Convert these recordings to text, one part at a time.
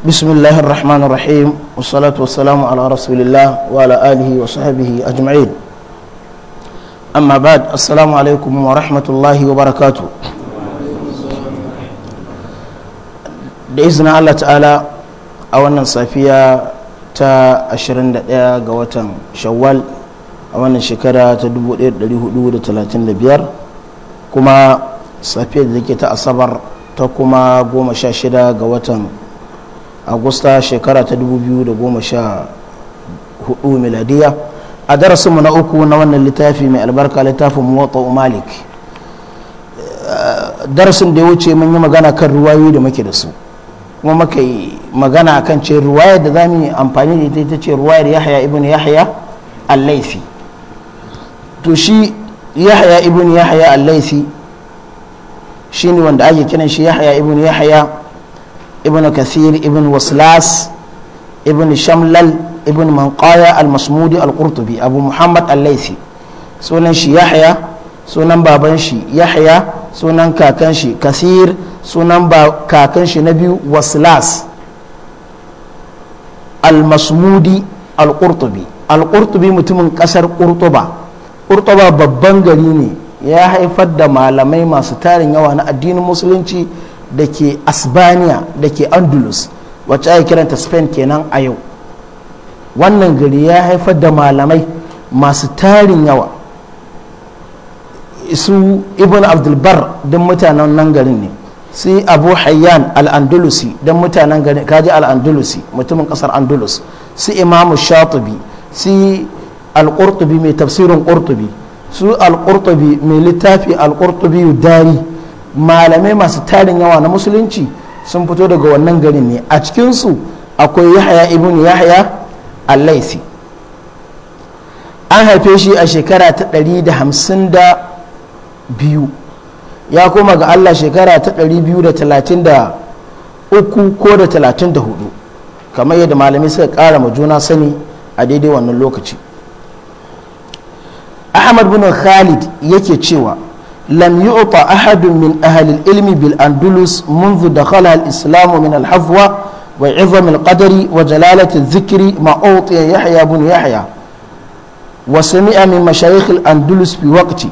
بسم الله الرحمن الرحيم والصلاة والسلام على رسول الله وعلى آله وصحبه أجمعين أما بعد السلام عليكم ورحمة الله وبركاته بإذن الله تعالى أولا صافية تا أشرين دقيقة قوة شوال أولا شكرا تدبو إير دليه دور تلاتين لبيار كما صافية ذكي تأصبر تكما قوم شاشرة قوة agusta shekara ta 2014 miladiya a darasinmu na uku na wannan littafi mai albarka littafin mota malik darasin da ya wuce mun yi magana kan ruwayoyi da muke da su kuma muka yi magana kan ce ruwayar da za mu yi amfani da ita ce ruwayar yahya ibn yahya al-laifi to shi yahya ibn yahya allaifi shi shine wanda ake kiran shi yahya ibn yahya ibn kathir ibn waslas ibn shamlal ibn manqaya al-masmudi al-qurtubi abu muhammad al sunan shi yahya sunan baban shi yahya sunan kakanshi shi sunan kakan na biyu waslas al-masmudi Alƙurtubi mutumin ƙasar qurtuba qurtuba babban gari ne ya haifar da malamai masu tarin yawa na addinin musulunci da ke asbaniya da ke andalus wacce ake kiranta spain kenan a yau wannan gari ya haifar da malamai masu tarin yawa su ibn abdulbar don mutanen nan garin ne sai abu hayyan al'andalusi don mutanen garin kaji al'andalusi mutumin kasar andalus su imamu shatubi su al-qurtubi mai tafsirin qurtubi su al al-qurtubi mai littafi al-kurkubi al-qurtubi dari malamai masu tarin yawa na musulunci sun fito daga wannan garin ne a cikinsu akwai yahaya ibn yahaya a allaisi an haife shi a shekara ta da da hamsin biyu ya koma ga allah shekara ta biyu da da talatin uku ko da talatin da hudu kamar yadda malamai suka kara ma juna sani a daidai wannan lokaci ahmad bin khalid yake cewa ahadu لم يعط أحد من أهل العلم بالأندلس منذ دخلها الإسلام من الحفوة وعظم القدر وجلالة الذكر ما أعطي يحيى بن يحيى وسمع من مشايخ الأندلس في وقتي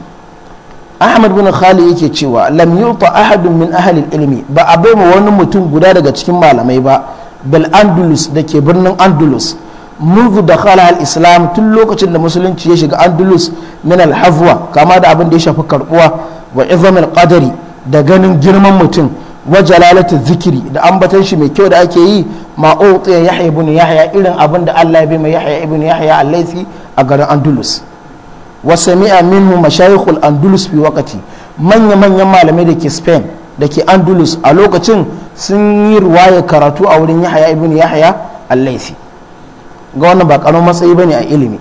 Ahmad bin Khali yake cewa lam yuta ahadun min ahli ilmi ba a bai wani mutum guda daga cikin malamai ba bil Andalus da ke birnin Andalus munzu da khala al’islam tun lokacin da musulunci ya shiga andalus min alhafuwa kama da abin da ya shafi karbuwa wa izomin kadari da ganin girman mutum wa zikiri da an batan shi mai kyau da ake yi ma otsiyar ya haibu ne ya haya irin abin da allah bai mai ya haya ibu ne ya haya alaifi a garin andalus wa sami amin mu mashayikul andalus fi wakati manya-manyan malamai da ke spain da ke andalus a lokacin sun yi ruwaya karatu a wurin ya haya ibu ne ya haya alaifi ga wannan ba karamin matsayi bane a ilimi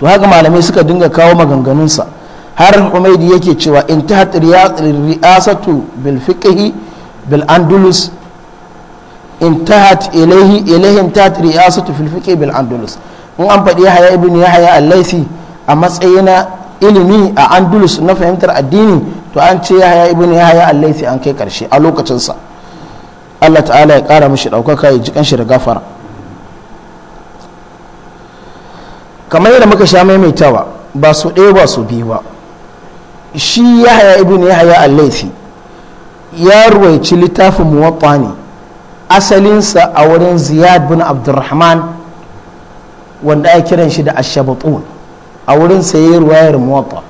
to haka malamai suka dinga kawo maganganunsa har umaidi yake cewa in riyasatu bil fiqhi bil ilaihi fil bil andalus in an faɗi yahya ibn yahya al-laisi a matsayin ilimi a andalus na fahimtar addini to an ce yahya ibn yahya al-laisi an kai karshe a lokacinsa allah ta'ala ya ƙara mishi ɗaukaka ya ji kanshi da gafara kamar yadda muka sha maimaitawa ba su ɗaya ba su biyu ba shi ya haya ibn ya haya laifi ya ruwaici littafin muwatta ne asalinsa a wurin ziyad bin abdurrahman wanda ya kiran shi da ashabatun a wurin sayi ruwayar muwatta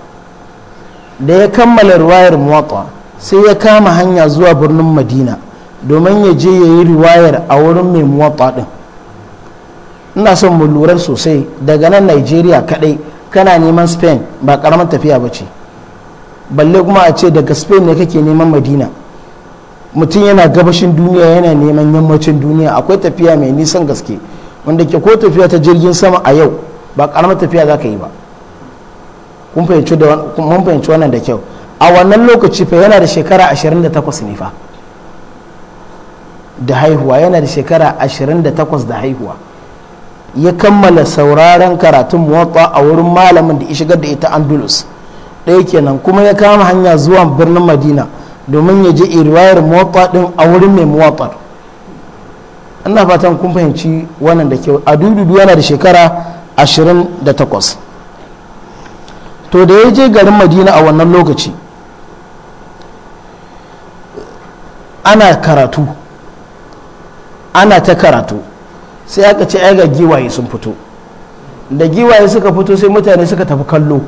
da ya kammala ruwayar muwatta sai ya kama hanya zuwa birnin madina domin ya je ya yi ruwayar a wurin mai muwatta din ina son mu lura sosai daga nan nigeria kadai kana neman spain ba karamar tafiya ba ce balle kuma a ce daga spain ne kake neman madina mutum yana gabashin duniya yana neman yammacin duniya akwai tafiya mai nisan gaske wanda ke ko tafiya ta jirgin sama a yau ba karamar tafiya za ka yi ba mun fahimci wannan da kyau a wannan lokaci fa yana da shekara 28 ne fa da haihuwa yana da shekara 28 da haihuwa ya kammala sauraron karatun muwatta a wurin malamin da ya shigar da ita andalus ɗaya kenan kuma ya kama hanya zuwa birnin madina domin ya je irwayar muwatta ɗin a wurin mai muwatta ina fatan kun fahimci wannan da kyau a dududu yana da shekara 28 to da ya je garin madina a wannan lokaci ana karatu ana ta karatu sai aka ce ga giwaye sun fito da giwaye suka fito sai mutane suka tafi kallo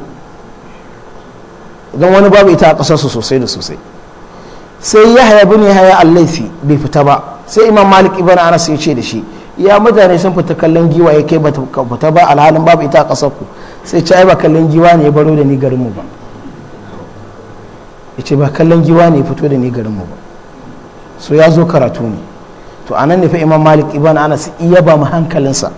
don wani babu ita a ƙasarsu sosai da sosai sai ya haya bin ya haya allaifi bai fita ba sai imam malik ibn anas ya ce da shi ya mutane sun fita kallon giwaye kai ba fita ba alhalin babu ita a ƙasarku sai ce ba kallon giwa ne ya baro da ni garinmu ba ya ce ba kallon giwa ne ya fito da ni garinmu ba so ya zo karatu ne to anan ne fa imam malik ibn anas iya ba mu hankalinsa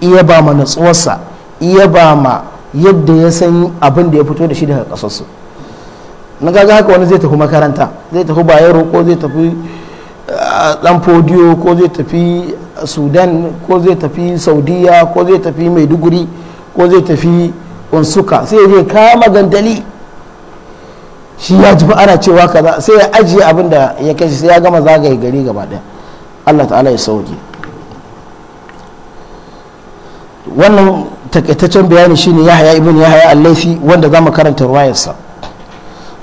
iya ba mu natsuwarsa iya ba ma yadda ya san abin da ya fito da shi daga kasarsu na gaga haka wani zai tafi makaranta zai tafi bayero ko zai tafi dan ah, fodiyo ko zai tafi sudan ko zai tafi saudiya ko zai tafi maiduguri ko zai tafi unsuka sai ya je kama gandali shi ya ji ana cewa kaza sai ya ajiye abin da ya kashi sai ya gama zagaye gari gaba daya Allah ta'ala ya sauke wannan takaitaccen bayani shine haya ibn yahaya al-laifi wanda zamu karanta ruwayarsa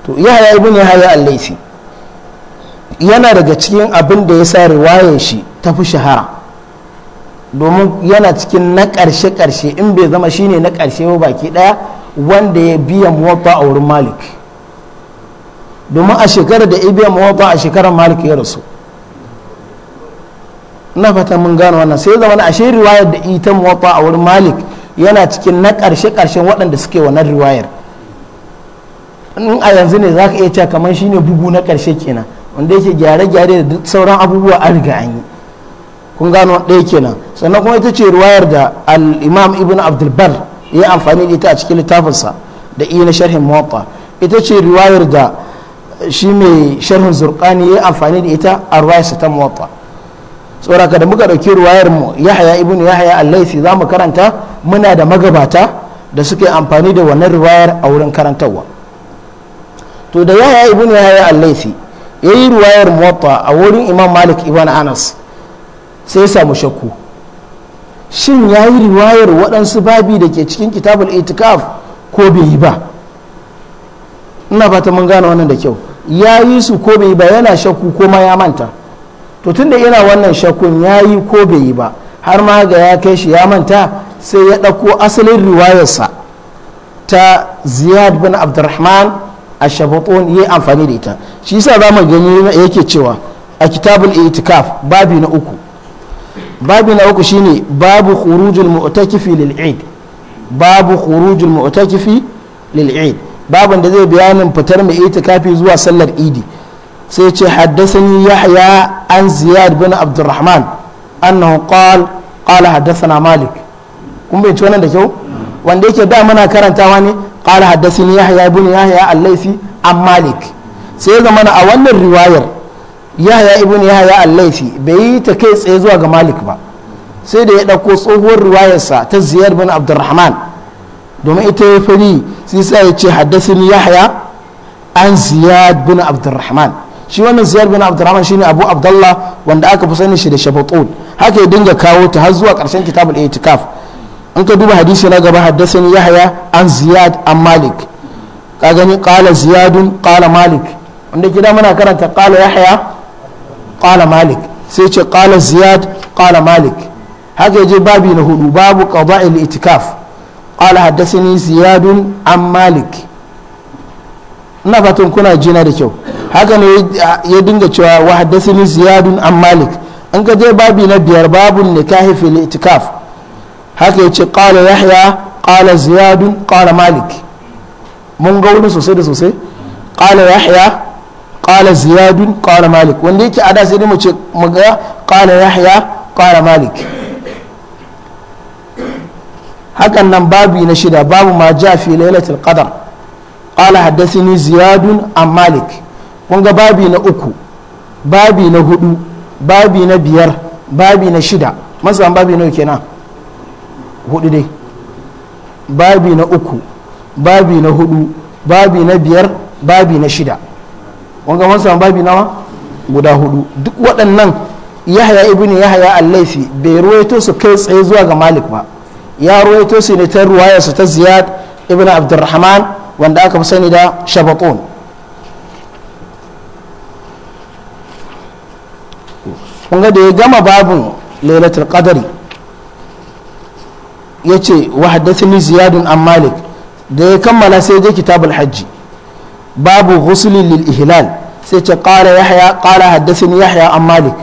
to ibn al yana daga cikin abin da ya sa ruwayar shi ta fi shahara domin yana cikin na ƙarshe karshe in bai zama shine na karshe ba baki ɗaya wanda ya biya muwatta a wurin malik domin a shekarar da ya biya muwatta a shekarar malik ya rasu na fata mun gano wannan sai zama na ashe riwayar da ita muwatta a wurin malik yana cikin na karshe karshen waɗanda suke wannan riwayar in a yanzu ne za ka iya cewa kamar shine bugu na karshe kenan wanda yake gyare-gyare da sauran abubuwa an riga an yi kun gano ɗaya kenan sannan kuma ita ce riwayar da al-imam ibn abdulbar ya amfani da ita a cikin littafinsa da iya na sharhin muwatta ita ce riwayar da shi mai sharhin zurkani ya amfani da ita a riwayarsa ta muwatta tsoraka da muka ɗauki ruwayar mu yahaya ibn yahaya allaisi za mu karanta muna da magabata da suke amfani da wannan ruwayar a wurin karantarwa to da yahaya ibn yahaya allaisi ya yi ruwayar muwatta a wurin imam malik ibn anas sai ya samu shakku shin ya yi riwayar waɗansu babi da ke cikin kitabul itikaf ko bai yi ba ina fata mun gane wannan da kyau yayi su ko bai yi ba yana shakku ko ma ya manta to tunda ina wannan shakun ya yi ko bai yi ba har ma ga ya kai shi ya manta sai ya ɗauko asalin riwayarsa ta ziyad bin abdurrahman a shabatun yi amfani da ita shi yasa za mu gani yake cewa a kitabul itikaf babi na uku babi na uku shine babu khurujul mu'takifi lil eid babu khurujul mu'takifi lil eid babin da zai bayanin fitar mai itikafi zuwa sallar idi sai ce haddasani yahya an ziyad bin abdurrahman annahu qal qala haddathana malik kun bai ci wannan da kyau wanda yake da muna karantawa ne qala haddathani yahya bin yahya al-laisi an malik sai zama a wannan riwayar yahya ibn yahya al-laisi bai yi ta kai tsaye zuwa ga malik ba sai da ya ɗauko tsohuwar riwayarsa ta ziyar bin abdurrahman domin ita ya fari sai sai ya ce haddasin yahya an ziyad bin abdurrahman shi wannan ziyar bin abdurrahman shine abu abdullah wanda aka fi sani shi da shabatun haka ya dinga kawo ta har zuwa karshen kitabul itikaf in ka duba hadisi na gaba haddasani yahya an ziyad an malik ka gani qala ziyadun qala malik wanda gida muna karanta qala yahya qala malik sai ce qala ziyad qala malik haka je babi na hudu babu qada'il itikaf qala haddasani ziyadun an malik ina fatan kuna jina da kyau haka ne ya dinga cewa wa haddathani ziyadun an malik an ka je babi na biyar babun nikahi fil itikaf haka ya ce qala yahya kala ziyadun kala malik mun ga wani sosai da sosai qala yahya kala ziyadun kala malik wanda yake ada sai mu ce maga kala qala yahya kala malik hakan nan babi na shida babu ma ja fi lailatul qadar qala haddathani ziyadun an malik Kunga ga babi na uku babi na hudu babi na biyar babi na shida masu babi na kenan hudu dai babi na uku babi na hudu babi na biyar babi na shida wanga mun babi nawa guda hudu duk waɗannan yahaya ibn yahaya al-laifi bai ruwaito su kai tsaye zuwa ga malik ba ya ruwaito su ne ta su ta ziyad ibn abdurrahman wanda aka fi sani da shabakon. kun ga da ya gama babin lailatul qadari yace wa haddathani ziyadun an malik da ya kammala sai je kitabul hajji babu ghusli lil ihlal sai ce qala yahya qala haddathani yahya an malik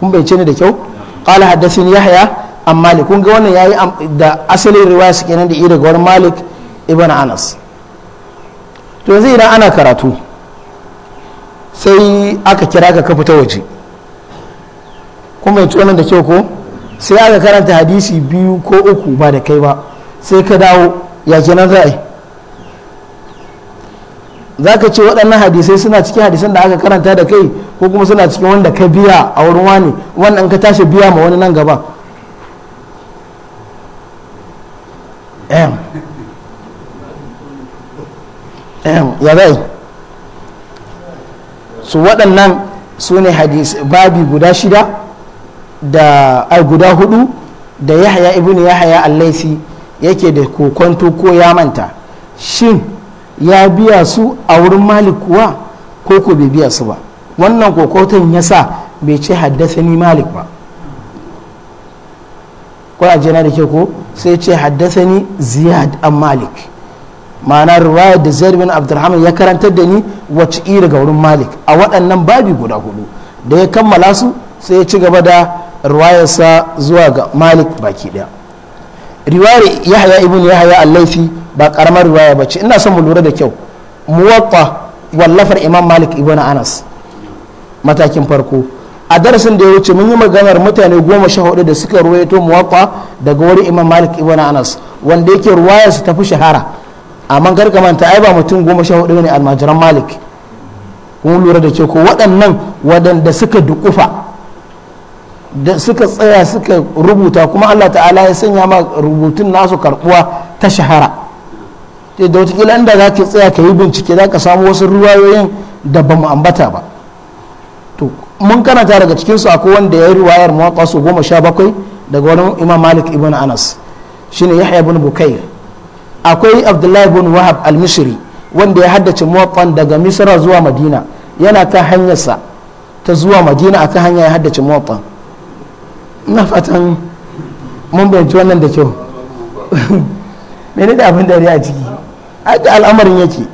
kun bai ce ne da kyau qala haddathani yahya an malik kun ga wannan yayi da asalin riwaya su kenan da daga wani malik ibn anas to yanzu idan ana karatu sai aka kira ka ka fita waje kuma ya tsoron da kyau ko sai aka karanta hadisi biyu ko uku ba da kai ba sai ka dawo ya za'a ra'ayi za ka ce waɗannan hadisai suna cikin hadisan da aka karanta da kai ko kuma suna cikin wanda ka biya a wurin wani wannan ka tashi biya ma wani nan gaba ya zai su waɗannan su ne babi guda shida da ai guda hudu da yahaya ibn yahaya allaisi yake da kokonto ko ya manta shin ya biya su a wurin malik kuwa ko ko bai biya su ba wannan kokoton ya sa bai ce haddasa ni malik ba ko a na da ke ko sai ce haddasa ni ziyad an malik ma'ana riwayar da zaid bin ya karantar da ni wacce iri ga wurin malik a waɗannan babi guda hudu da ya kammala su sai ya ci gaba da ruwayarsa zuwa ga malik baki daya riwayar yahya ibn yahya al-laifi ba karamar riwaya ba ina son mu lura da kyau muwatta wallafar imam malik ibn anas matakin farko a darasin da ya wuce mun yi maganar mutane goma sha hudu da suka ruwaito muwatta daga wani imam malik ibn anas wanda yake ruwayarsa ta fi shahara amma gargamanta ai ba mutum goma sha hudu ne almajiran malik kun lura da ce ko waɗannan waɗanda suka dukufa da suka tsaya suka rubuta kuma Allah ta'ala ya sanya ma rubutun nasu karbuwa ta shahara da watakila inda za ka tsaya ka yi bincike za ka samu wasu ruwayoyin da ba mu ambata ba to mun karanta daga cikinsu akwai wanda ya yi ruwayar mawaƙa su goma sha bakwai daga wani imam malik ibn anas shine yahya ibn bukair akwai abdullahi bin wahab al-misri wanda ya haddace muwaffan daga misra zuwa madina yana kan hanyarsa ta zuwa madina a akan hanya ya haddace muwaffan na fatan mun bayanci wannan da kyau mene da abin dariya a ciki haka al'amarin yake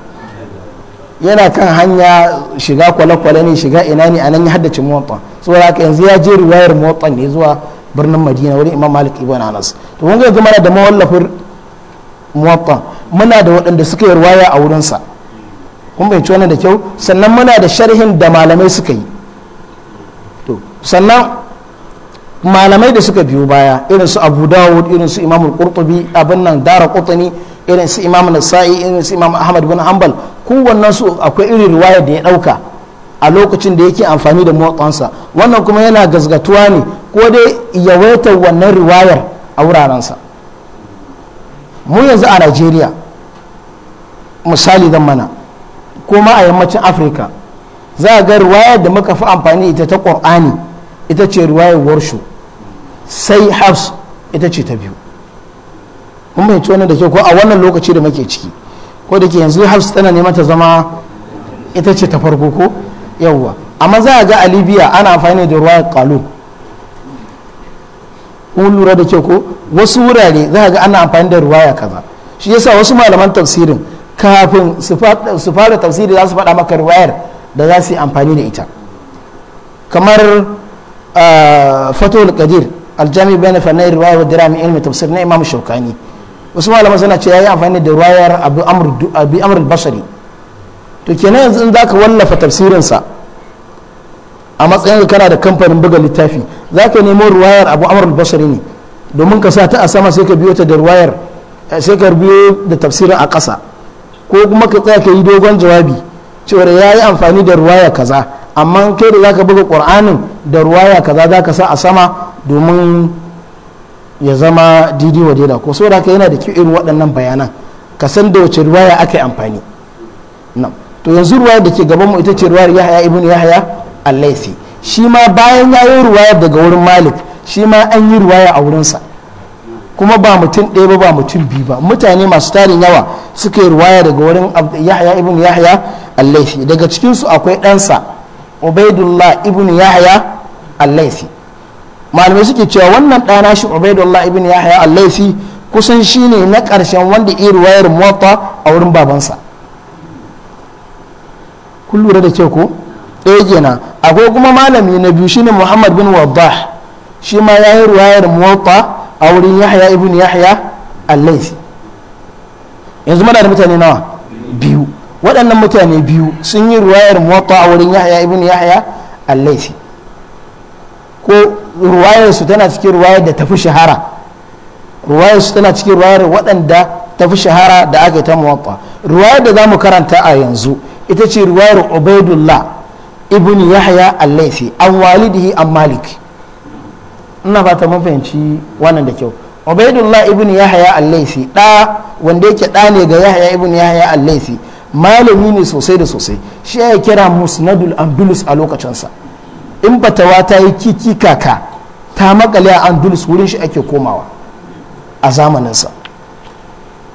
yana kan hanya shiga kwale-kwale ne shiga ina ne a nan ya haddace motsa haka yanzu ya je riwayar motsa ne zuwa birnin madina wurin imam malik ibn anas to mun ga mana da mawallafin motsa muna da waɗanda suka yi ruwaya a wurinsa kun bai wannan da kyau sannan muna da sharhin da malamai suka yi to sannan malamai da suka biyo baya irin su abu dawud irin su imam qurtubi abin nan dara qutani irin su imam nasa'i irin su imam ahmad bin hanbal kowannen su akwai irin riwaya da ya dauka a lokacin da yake amfani da motsansa wannan kuma yana gazgatuwa ne ko dai yawaitar wannan riwayar a wurarensa mu yanzu a najeriya misali zan mana kuma a yammacin afirka za a ga riwayar da muka fi amfani ita ta qur'ani ita ce riwayar warshu sai hafs ita ce ta biyu mun fahimci wannan da kyau ko a wannan lokaci da muke ciki ko da ke yanzu hafs tana neman ta zama ita ce ta farko ko yawwa amma za a ga a libya ana amfani da ruwa kalun kun lura da ke ko wasu wurare za a ga ana amfani da ruwaya kaza shi yasa wasu malaman tafsirin kafin su fara tafsiri za su faɗa maka ruwayar da za su yi amfani da ita kamar ah, fatul kadir. aljami na fannin ruwa wa dirami ilmi tafsir na imam shaukani wasu malamai suna ce ya yi amfani da ruwayar abu amurin basari to kenan yanzu in zaka wallafa tafsirinsa a matsayin kana da kamfanin buga littafi zaka nemo ruwayar abu amurin basari ne domin ka sa ta a sama sai ka biyo ta da ruwayar sai ka biyo da tafsirin a ƙasa ko kuma ka tsaya ka yi dogon jawabi cewar ya yi amfani da ruwaya kaza amma kai da zaka buga ƙur'anin da ruwaya kaza za ka sa a sama domin ya zama didi wa daida ko saboda haka yana da kyau irin waɗannan bayanan ka san da wace ruwaya aka yi amfani to yanzu ruwaya da ke gaban mu ita ce ruwayar yahaya ibn yahaya al shi ma bayan ya yi ruwaya daga wurin malik shi ma an yi ruwaya a wurinsa kuma ba mutum ɗaya ba ba mutum biyu ba mutane masu tarin yawa suka yi ruwaya daga wurin yahaya ibn yahaya al daga cikinsu akwai ɗansa ubaidullah ibn yahaya al malamai suke cewa wannan ɗana shi ubaidullah ibn yahya al-laifi kusan shine na ƙarshen wanda iya ruwayar mota a wurin babansa kun lura da ke ko ɗaya eh, kenan akwai kuma malami na biyu shine muhammad bin waddah shi ma ya yi ruwayar mota a wurin yahya ibn yahya al-laifi yanzu mana da mutane nawa biyu waɗannan mutane biyu sun yi ruwayar mota a wurin yahya ibn yahya al-laifi ko ruwayar tana cikin ruwayar da tafi shahara ruwayar tana cikin ruwayar waɗanda tafi shahara da aka yi ta mawaƙa ruwayar da za mu karanta a yanzu ita ce ruwayar ubaidullah ibn yahya al laifi an walidihi an malik ina fata mun fahimci wannan da kyau ubaidullah ibn yahya al laifi da wanda yake da ne ga yahya ibn yahya al laifi malami ne sosai da sosai shi ya kira musnadul andulus a lokacinsa in ba ta yi kiki kaka ta makale a andulus wurin shi ake komawa a zamaninsa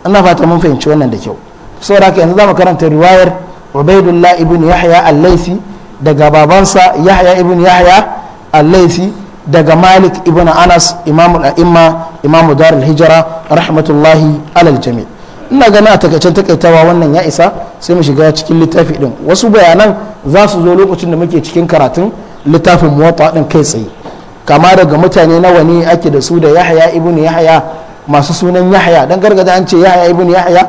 ana fata mun fahimci wannan da kyau saboda haka yanzu za mu karanta riwayar ubaidullah ibn yahya al-laifi daga babansa yahya ibn yahya al-laifi daga malik ibn anas imamu aimma imamu darul hijra rahmatullahi alal jami ina gani a takaicen takaitawa wannan ya isa sai mu shiga cikin littafi din wasu bayanan za su zo lokacin da muke cikin karatun littafin mota din kai tsaye kama daga mutane nawa ne ake da su da yahaya ibn yahaya masu sunan yahaya dan gargada an ce yahaya ibn yahaya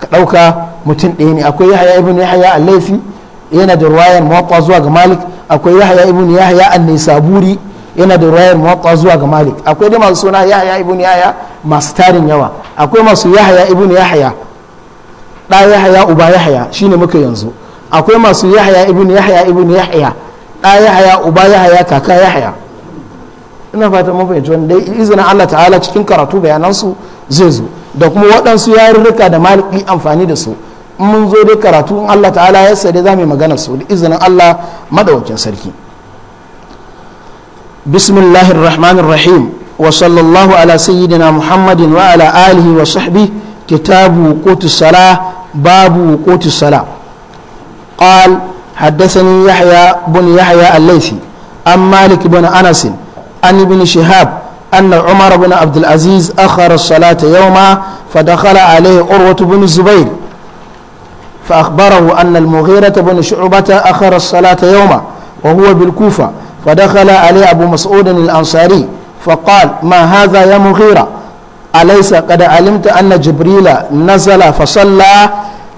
ka dauka mutum ɗaya ne akwai yahaya ibn yahaya a laifi yana da ruwayar muwatta zuwa ga malik akwai yahaya ibn yahaya a nisaburi yana da ruwayar muwatta zuwa ga malik akwai da masu suna yahaya ibn yahaya masu tarin yawa akwai masu yahaya ibn yahaya da yahaya uba yahaya shine muka yanzu akwai masu yahaya ibn yahaya ibn yahaya da yahaya uba yahaya kaka yahaya ina fatan mun fahimci dai izinin Allah ta'ala cikin karatu bayanansu zai zo da kuma waɗansu yarurruka da maliki amfani da su mun zo dai karatu in Allah ta'ala ya dai za mu yi magana su da izinin Allah madaukakin sarki bismillahir rahmanir rahim wa sallallahu ala sayyidina muhammadin wa ala alihi wa sahbi kitabu qutus sala babu qutus sala haddasa حدثني يحيى بن يحيى الليثي an مالك بن anasin. عن ابن شهاب أن عمر بن عبد العزيز أخر الصلاة يوما فدخل عليه عروة بن الزبير فأخبره أن المغيرة بن شعبة أخر الصلاة يوما وهو بالكوفة فدخل عليه أبو مسعود الأنصاري فقال ما هذا يا مغيرة أليس قد علمت أن جبريل نزل فصلى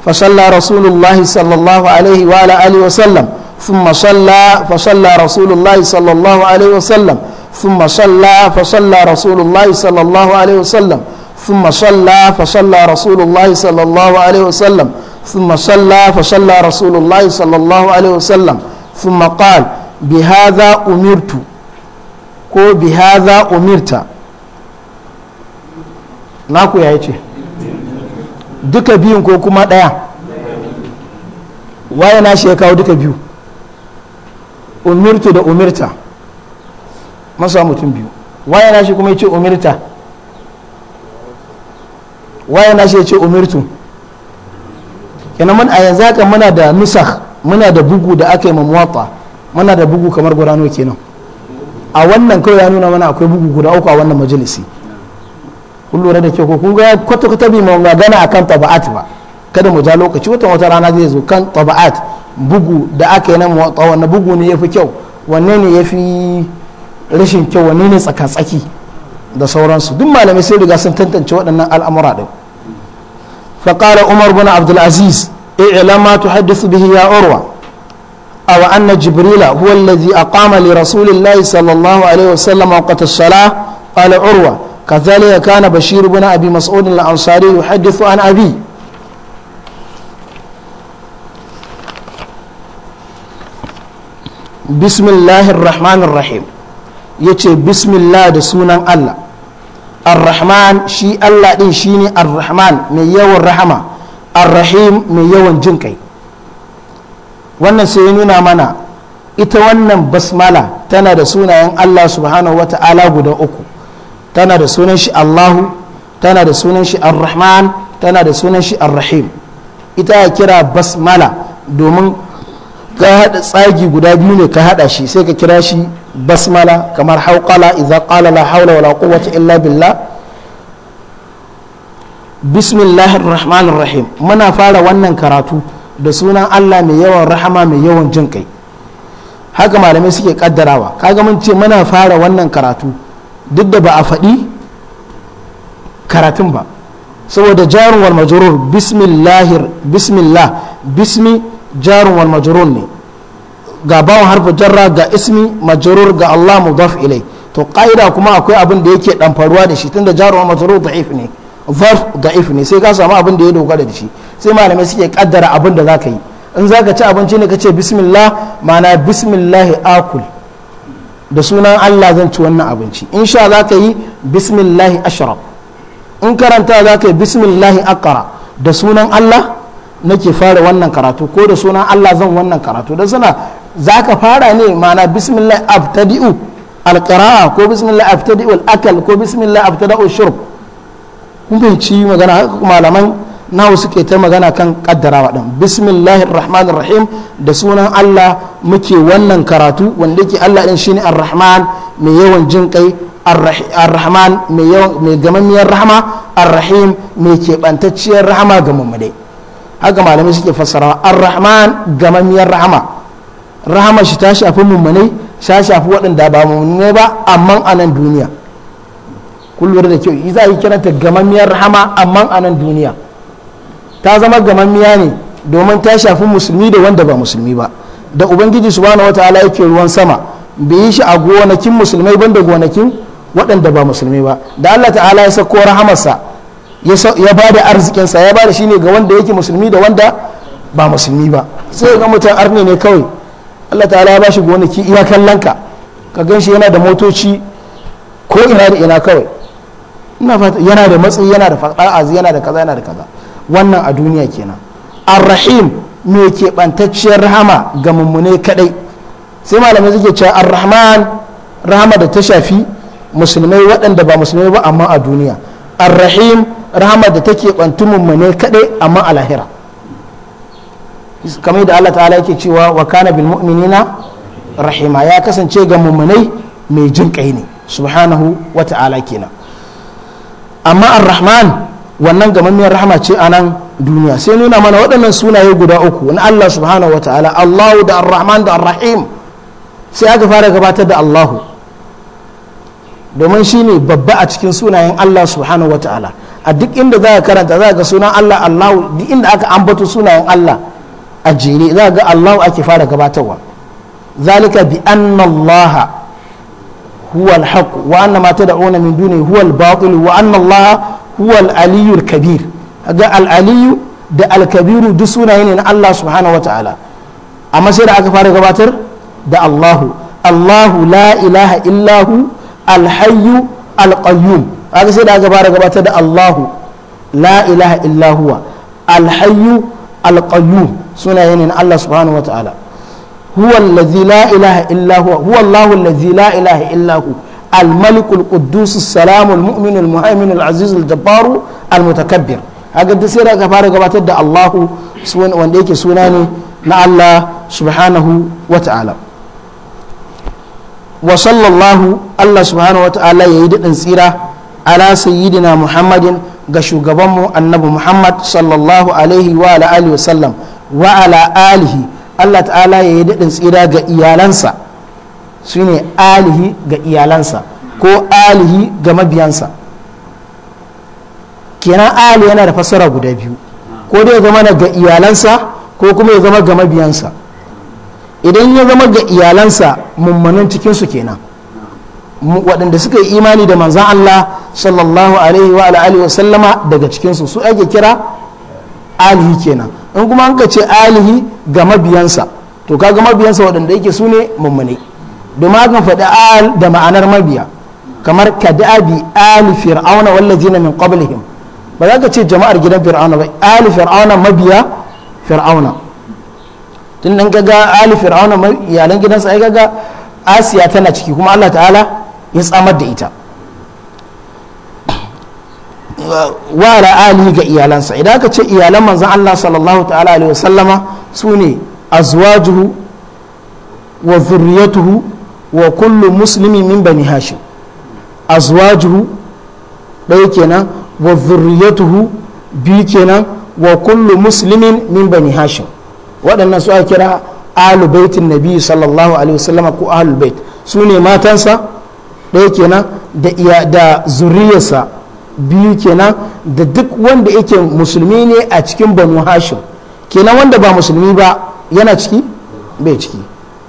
فصلى رسول الله صلى الله عليه وعلى آله وسلم ثم صلى فصلى رسول الله صلى الله عليه وسلم ثم صلى فصلى رسول الله صلى الله عليه وسلم ثم صلى فصلى رسول الله صلى الله عليه وسلم ثم صلى فصلى رسول الله صلى الله عليه وسلم ثم قال بهذا أمرت كو بهذا أمرت ناكو يا ايتي duka biyun ko kuma ɗaya waye na shekau duka biyu umirtu da umirta masa mutum biyu waye na shi kuma ya ce umirta waye na shi ya ce umirtu kenan mun a yanzu haka muna da nusakh muna da bugu da aka yi mamuwata muna da bugu kamar gurano kenan a wannan kawai ya nuna mana akwai bugu guda uku a wannan majalisi kun lura da ko kun ga kwata kwata bi mu magana akan taba'at ba kada mu ja lokaci wata wata rana zai zo kan taba'at bugu da aka yi na muwatta wanne bugu ne yafi kyau wanne ne yafi rashin kyau wani ne tsaka-tsaki da sauransu duk malamai sai riga sun tantance waɗannan al'amura ɗin faƙara umar bin abdulaziz i'lam ma tuhaddisu bihi ya urwa aw anna jibrila huwa alladhi aqama li rasulillahi sallallahu alaihi wasallam waqt as-salah qala urwa kadhalika kana bashir bin abi mas'ud al-ansari yuhaddithu an abi bismillahir rahmanir rahim. ya ce bismillah da sunan Allah arrahman shi Allah ɗin shi ne ar mai yawan rahama arrahim mai yawan jin kai wannan sai ya nuna mana ita wannan basmala tana da sunayen Allah subhanahu wa ta'ala guda uku tana da sunan shi Allahu tana da sunan shi ar tana da sunan shi arrahim ita ya kira basmala domin ka haɗa tsagi guda biyu ne ka haɗa shi sai ka kira shi basmala kamar hauƙala iza qala la haula wala quwwata illa billah bismillahir rahmanir rahim muna fara wannan karatu da sunan Allah mai yawan rahama mai yawan jin kai haka malamai suke kaddarawa kaga mun ce muna fara wannan karatu duk da ba a faɗi karatun ba saboda jarun wal majrur bismillahir bismillah bismi jarun wal ne ga bawon harfi jarra ga ismi majrur ga Allah mudaf ilai to qaida kuma akwai abin da yake dan faruwa da shi tunda jaru majrur da'if ne zarf da'if ne sai ka samu abin da ya dogara da shi sai malamai suke kaddara abin da zaka yi in zaka ci abinci ne kace bismillah ma'ana bismillah akul da sunan Allah zan ci wannan abinci in sha zaka yi bismillah ashrab in karanta zaka yi bismillah aqra da sunan Allah nake fara wannan karatu ko da sunan Allah zan wannan karatu don suna za ka fara ne mana bismillah abtadi'u alqira'a ko bismillah abtadi'u al-akal ko bismillah abtada'u shurb kun ci magana malaman nawa suke ta magana kan kaddara din bismillahir rahmanir rahim da sunan Allah muke wannan karatu wanda yake Allah din shine ar-rahman mai yawan jin kai ar-rahman mai yawan mai gamammiyar rahma ar-rahim mai keɓantacciyar rahama ga mummudai haka malamai suke fassara ar-rahman gamammiyar rahama rahama shi ta shafi mummunai ta shafi waɗanda ba mummunai ba amma a nan duniya kullum da kyau yi za a yi kiranta gamammiyar rahama amma a nan duniya ta zama gamammiya ne domin ta shafi musulmi da wanda ba musulmi ba da ubangiji subhanahu ala yake ruwan sama bai yi shi a gonakin musulmai ban da gonakin waɗanda ba musulmi ba da Allah ta'ala ya ko rahamarsa ya ba da arzikinsa ya ba da shi ne ga wanda yake musulmi da wanda ba musulmi ba sai ga mutum arne ne kawai Allah ta'ala ya bashi gonaki iya kallon ka ka gan shi yana da motoci ko ina da ina kawai ina fata yana da matsayi yana da fa'azi yana da kaza yana da kaza wannan a duniya kenan ar-rahim me ke bantacciyar rahama ga mummune kadai sai malamai suke cewa ar-rahman rahama da ta shafi musulmai waɗanda ba musulmai ba amma a duniya ar-rahim rahama da take bantu mummune kadai amma a lahira kamar da Allah ta'ala yake cewa wa kana bil mu'minina rahima ya kasance ga mu'minai mai jin kai ne subhanahu wa ta'ala kenan amma ar-rahman wannan gamammiyar rahama ce a nan duniya sai nuna mana waɗannan sunaye guda uku na Allah subhanahu wa ta'ala Allahu da ar-rahman da ar-rahim sai aka fara gabatar da Allahu domin shine babba a cikin sunayen Allah subhanahu wa ta'ala a duk inda za ka karanta za ka ga sunan Allah Allahu duk inda aka ambato sunayen Allah a za ga Allahu ake fara gabatarwa zalika bi anna Allah huwa al-haq wa anna ma tad'una min dunihi huwa al-batil wa anna Allah huwa al-aliyyu al-kabir ga al-aliyyu da al-kabiru duk sunaye ne na Allah subhanahu wa ta'ala amma sai da aka fara gabatar da Allahu Allahu la ilaha illahu al-hayyu al-qayyum sai da aka fara gabatar da Allahu la ilaha illa huwa al alqayyum sunaye ne na Allah subhanahu wa ta'ala huwa allazi la ilaha illa huwa huwa Allahu allazi la ilaha illa hu al القدوس al المؤمن al العزيز الجبار المتكبر haka da sai daga fara gabatar da Allahu wanda yake suna ne na Allah subhanahu wa ta'ala wa sallallahu Allah subhanahu wa ta'ala yayi dadin tsira ala sayyidina Muhammadin ga shugabanmu annabi muhammad sallallahu alaihi wa alihi wasallam wa ala alihi allah ta'ala ya yi daɗin tsira ga iyalansa su ne alihi ga iyalansa ko alihi ga mabiyansa kenan ali yana da fassara guda biyu ko dai ya zama ga iyalansa ko kuma ya zama ga mabiyansa idan ya zama ga iyalansa mummanin cikinsu kenan waɗanda suka yi imani da manzan Allah sallallahu alaihi wa alihi wa sallama daga cikinsu su ake kira alihi kenan in kuma an ka ce alihi ga mabiyansa to kaga mabiyansa waɗanda yake su ne mummune domin akan faɗi al da ma'anar mabiya kamar ka bi ali fir'auna wallazina min qablihim ba za ka ce jama'ar gidan fir'auna ba ali fir'auna mabiya fir'auna tun nan kaga ali fir'auna iyalan gidansa ai kaga asiya tana ciki kuma Allah ta'ala ya tsamar da ita wa ala ali ga iyalansa idan aka ce iyalan manzon Allah sallallahu ta'ala alaihi wasallama su ne azwajuhu wa zurriyatuhu wa kullu muslimin min bani hashim azwajuhu ɗaya kenan wa zurriyatuhu bi kenan wa kullu muslimin min bani hashim waɗannan su a kira alu baitin nabi sallallahu alaihi wasallama ko alu bait su ne matansa ɗaya kenan da iya da zuriyarsa biyu kenan da duk wanda yake musulmi ne a cikin banu hashim kenan wanda ba musulmi ba yana ciki bai ciki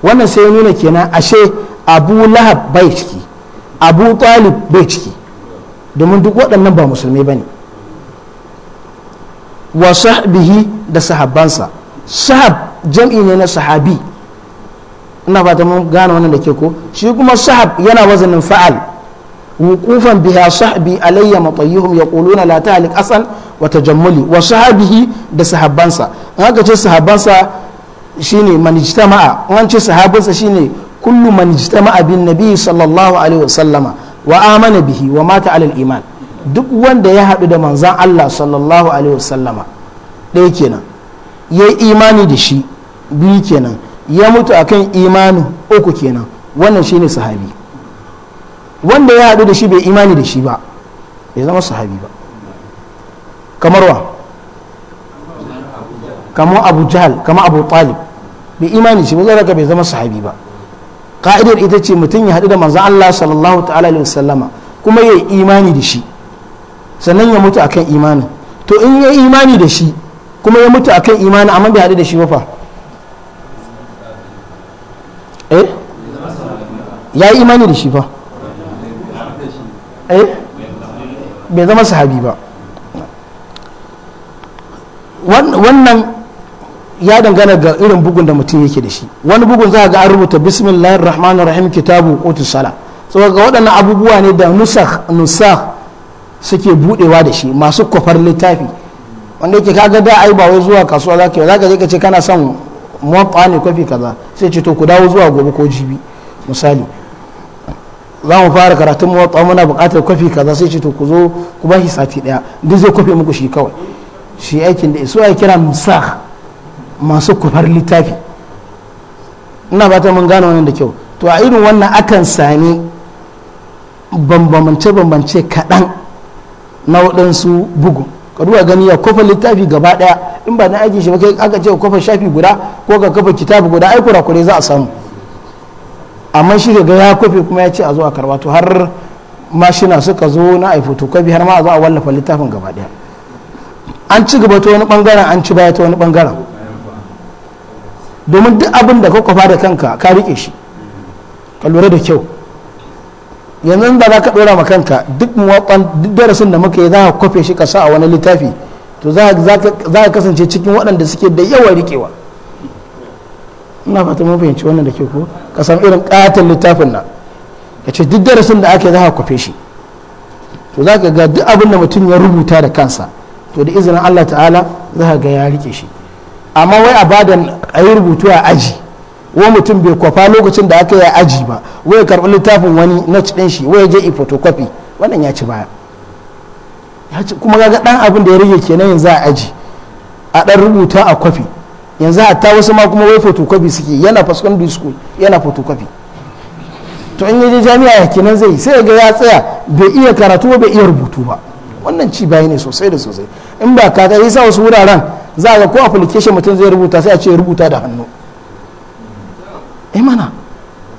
wannan sai ya nuna kenan ashe abu lahab bai ciki abu talib bai ciki domin duk waɗannan ba musulmi ba ne wa sahbihi da sahabansa sahab jam'i ne na sahabi ina fata mun gane wannan da ke ko shi kuma sahab yana wazanin fa'al wukufan biha sahbi alayya matayyuhum yaquluna la tahlik asan wa tajammuli wa sahabihi da sahabbansa in aka ce sahabbansa shine man ijtama'a in ce sahabbansa shine kullu man ijtama'a bin nabi sallallahu alaihi wasallama wa amana bihi wa mata alal iman duk wanda ya haɗu da manzan Allah sallallahu alaihi wasallama ɗaya kenan ya yi imani da shi biyu kenan ya mutu akan imanin uku kenan wannan shine sahabi wanda ya haɗu da shi bai imani da shi ba bai zama sahabi ba kamar wa kamar abu jahal kamar abu talib bai imani shi ba zai raka bai zama sahabi ba ka'idar ita ce mutum ya haɗu da manzan Allah sallallahu ta'ala alaihi wasallama kuma ya imani da shi sannan ya mutu akan imanin to in ya imani da shi kuma ya mutu akan imanin amma bai haɗu da shi ba fa eh ya yi imani da shi fa eh bai zama sahabi ba wannan ya dangana ga irin bugun da mutum yake da shi wani bugun za ga an rubuta bismillahir rahmanir rahim kitabu qutus sala so ga waɗannan abubuwa ne da nusar nusakh suke budewa da shi masu kwafar littafi wanda yake kaga da ai ba zuwa kasuwa zaka zaka je ka ce kana son muwatta ne kwafi kaza sai ce to ku dawo zuwa gobe ko jibi misali za mu fara karatun muwatta muna buƙatar kwafi kaza sai ce to ku zo ku ba shi sati ɗaya duk zai kwafi muku shi kawai shi aikin da su ai kira musa masu kufar littafi ina fata mun gane wannan da kyau to a irin wannan akan sami bambamance-bambance kaɗan na waɗansu bugun ka duba gani ya kofa littafi gaba daya in ba na aikin shi ba kai aka ce kofa shafi guda ko ka kafa kitabu guda ai kurakure za a samu amma shi daga ya kofe kuma ya ce a zo a karbato har mashina suka zo na ai fotokofi har ma a zo a wallafa littafin gaba daya an ci gaba ta wani bangaren an ci baya ta wani bangaren domin duk abin da ka kwafa da kanka ka rike shi ka lura da kyau yanzu da za ka ɗora ma kanka duk muwaɓan duk darasin da muka yi za ka kwafe shi ka sa a wani littafi to za ka kasance cikin waɗanda suke da yawan riƙewa ina fata mun fahimci wannan da ke ko ka san irin ƙatan littafin nan ka ce duk darasin da aka yi za ka kwafe shi to za ka ga duk abin da mutum ya rubuta da kansa to da izinin Allah ta'ala za ka ga ya rike shi amma wai a bada a yi rubutu a aji wa mutum bai kwafa lokacin da aka yi aji ba wai karɓi littafin wani na ɗin shi wai je i photocopy wannan ya ci baya kuma ga ɗan abin da ya rage kenan yanzu a aji a ɗan rubuta a kwafi yanzu a ta wasu ma kuma wai photocopy suke yana secondary school yana photocopy to in yaje jami'a ya kenan zai sai ga ya tsaya bai iya karatu ba bai iya rubutu ba wannan ci bayi ne sosai da sosai in ba ka ta yi sa wasu wuraren za ga ko application mutum zai rubuta sai a ce rubuta da hannu eh mana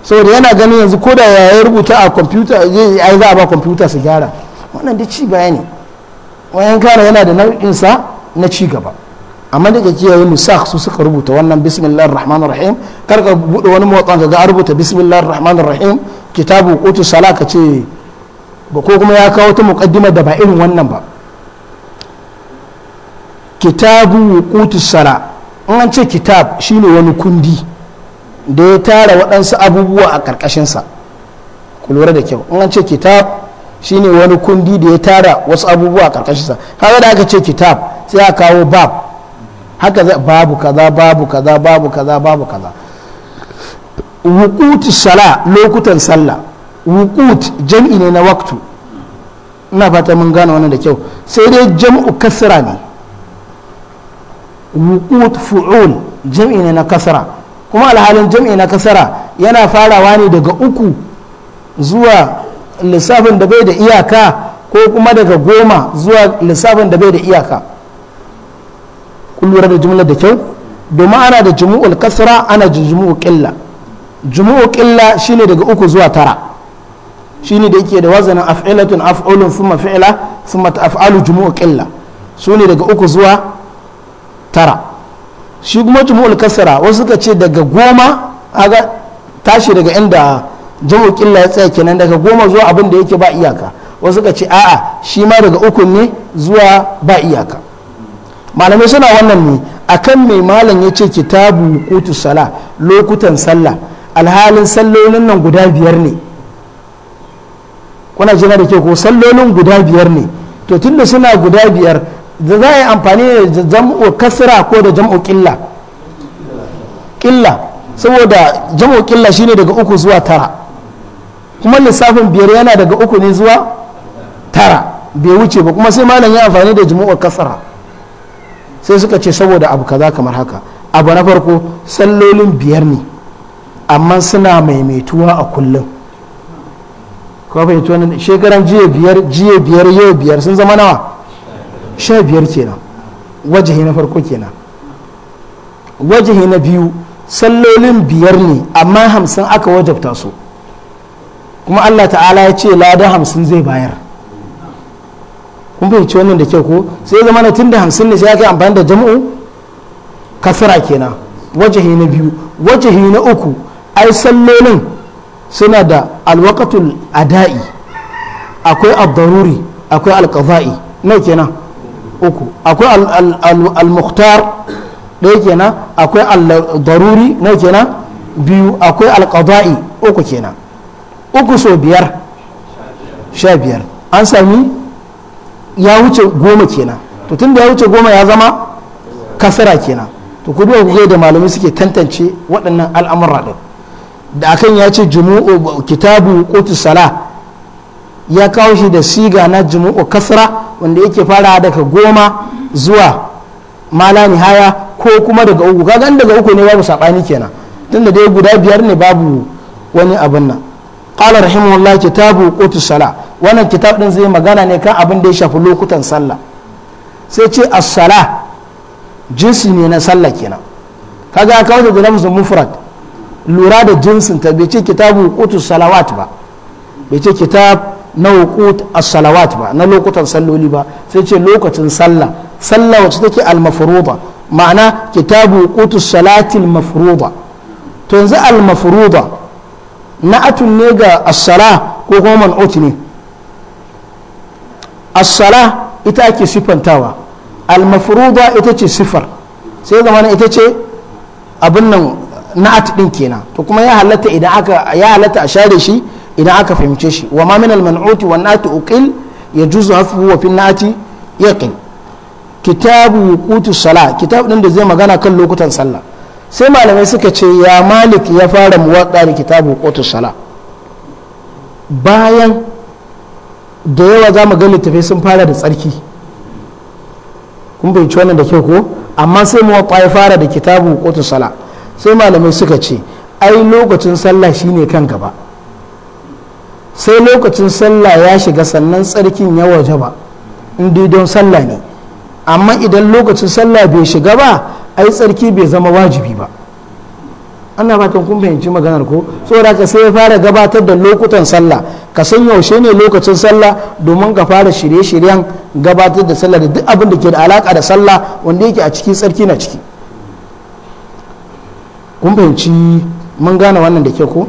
saboda yana ganin yanzu ko da ya rubuta a kwamfuta yi za a ba kwamfuta su gyara wannan da ci baya ne wayan kara yana da nau'insa na ci gaba amma da kake yayin nusakh su suka rubuta wannan bismillahir rahmanir rahim kar ka bude wani motsa ka ga a rubuta bismillahir rahmanir rahim kitabu qutu sala ka ce ba ko kuma ya kawo ta muqaddima da ba irin wannan ba kitabu qutu sala in an ce kitab shine wani kundi da ya tara waɗansu abubuwa a ƙarƙashinsa ku lura da kyau in an ce kitab shine wani kundi da ya tara wasu abubuwa a ƙarƙashinsa haka da aka ce kitab sai a kawo bab haka zai babu kaza babu kaza babu kaza babu kaza wukutu sala lokutan sallah wukut jam'i ne na waktu ina fata mun gane wannan da kyau sai dai jam'u kasra ne wukut fu'ul jam'i ne na kasra kuma alhalin jam'i na kasara yana farawa ne daga uku zuwa lissafin da bai da iyaka ko kuma daga goma zuwa lissafin da bai da iyaka kun lura da jumlar da kyau domin ana da jumu'ul kasara ana da jumu'ul qilla jumu'ul qilla shine daga uku zuwa tara shine da yake da wazanin af'ilatun af'ulun thumma fi'la thumma ta'afalu jumu'ul qilla sune daga uku zuwa tara shi kuma tumu kasara wasu suka ce daga goma aga tashi daga inda jumu'ul killa ya tsaya kenan daga goma zuwa abin da yake ba iyaka wasu suka ce a'a shi ma daga uku ne zuwa ba iyaka malamai suna wannan ne a kan mai malam ya ce kitabu kutu sala lokutan sallah alhalin sallolin nan guda biyar ne kuna jina da ke ko sallolin guda biyar ne to tunda suna guda biyar da za a yi amfani da jam'u kasra ko da jam'u ƙilla ƙilla saboda jam'u ƙilla shine daga uku zuwa tara kuma lissafin biyar yana daga uku ne zuwa tara bai wuce ba kuma sai malam ya amfani da jam'u kasra sai suka ce saboda abu kaza kamar haka abu na farko sallolin biyar ne amma suna maimaituwa a kullum ko fahimci shekaran jiya biyar jiya biyar yau biyar sun zama nawa sha biyar kenan wajahi na farko kenan wajahi na biyu sallolin biyar ne amma hamsin aka wajabta su kuma Allah ta'ala ya ce lada hamsin zai bayar kun fahimci wannan da kyau ko sai zama na tunda hamsin ne sai aka amfani da jam'u kasara kenan wajahi na biyu wajahi na uku ai sallolin suna da alwakatul ada'i akwai abdaruri akwai alkaza'i nau kenan uku akwai al-mukhtar ɗaya kenan akwai al-daruri na kenan biyu akwai al-qada'i uku kenan uku so biyar sha biyar an sami ya wuce goma kenan to tun da ya wuce goma ya zama kasara kenan to ku duba da malamai suke tantance waɗannan al'amura da akan ya ce jumu'u kitabu kotu sala ya kawo shi da shiga na jumu'u kasra wanda yake fara daga goma zuwa mala nihaya ko kuma daga uku kaga daga uku ne babu sabani kenan tunda dai guda biyar ne babu wani abin nan qala rahimahullah kitabu qutus sala wannan kitab din zai magana ne kan abin da ya shafi lokutan sallah sai ce as-sala jinsi ne na sallah kenan kaga kawo da gulam mufrad lura da jinsin ta bai ce kitabu qutus salawat ba bai ce kitab na wuqut as-salawat ba na lokutan salloli ba sai ce lokacin sallah sallah wacce take al-mafruḍa ma'ana kitabu wuqutus salati al-mafruḍa to yanzu al-mafruḍa na'atun ne ga as-sala ko kuma man'ut ne as-sala ita ake sifantawa al-mafruḍa ita ce sifar sai zamana ita ce abin nan na'at din kenan to kuma ya halatta idan aka ya halatta a share shi idan aka fahimce shi wa ma min al-man'uti wa nati uqil yajuzu hafu wa fi nati yaqin kitabu yuqutu sala kitab din da zai magana kan lokutan sallah sai malamai suka ce ya malik ya fara muwaqqa da kitabu yuqutu sala bayan da yawa za mu ga littafai sun fara da tsarki kun bai wannan da kyau ko amma sai waƙa ya fara da kitabu yuqutu sala sai malamai suka ce ai lokacin sallah shine kan gaba sai lokacin sallah ya shiga sannan tsarkin ya waje ba indai don sallah ne amma idan lokacin sallah bai shiga ba ai tsarki bai zama wajibi ba ana fatan kun fahimci maganar ko saboda ka sai ya fara gabatar da lokutan sallah ka san yaushe ne lokacin sallah domin ka fara shirye-shiryen gabatar da sallah da duk abin da ke da alaka da sallah wanda yake a ciki tsarki na ciki kun fahimci mun gane wannan da ke ko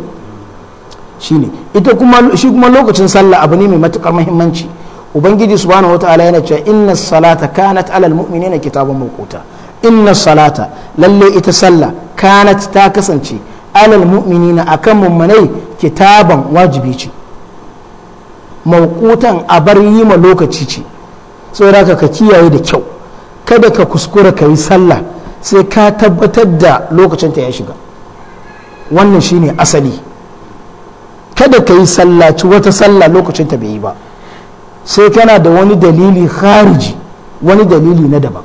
shine ita shi kuma lokacin sallah abu ne mai matukar muhimmanci ubangiji subhanahu wataala yana cewa inna salata kanat alal mu'minina kitabun mawquta inna salata lalle ita sallah kanat ta kasance alal mu'minina akan mummunai kitaban wajibi ce mawqutan a bar yi ma lokaci ce saboda ka kiyaye da kyau kada ka kuskura ka yi sallah sai ka tabbatar da lokacin ta ya shiga wannan shine asali kada ka yi sallaci wata sallah lokacin ta bai yi ba sai kana da wani dalili khariji wani dalili na daban